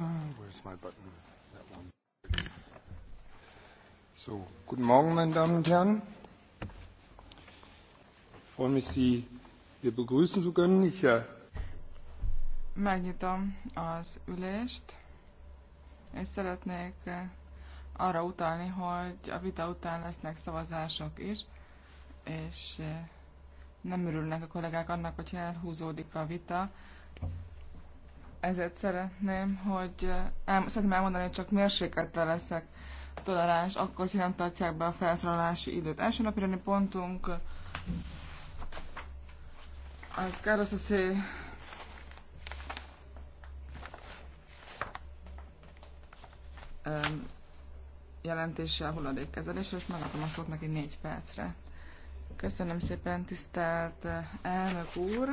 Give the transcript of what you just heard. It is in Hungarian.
Ah, where's my button? That one. So, guten Morgen, meine Damen und Herren. Ich freue mich, Sie hier begrüßen zu können. Ich, uh... Megnyitom az ülést, és szeretnék arra utalni, hogy a vita után lesznek szavazások is, és nem örülnek a kollégák annak, hogy elhúzódik a vita ezért szeretném, hogy eh, el, szeretném elmondani, hogy csak mérséklettel leszek toleráns, akkor, ha nem tartják be a felszólalási időt. Első napi pontunk az Carlos jelentése a hulladékkezelésre, és megadom a szót neki négy percre. Köszönöm szépen, tisztelt eh, elnök úr!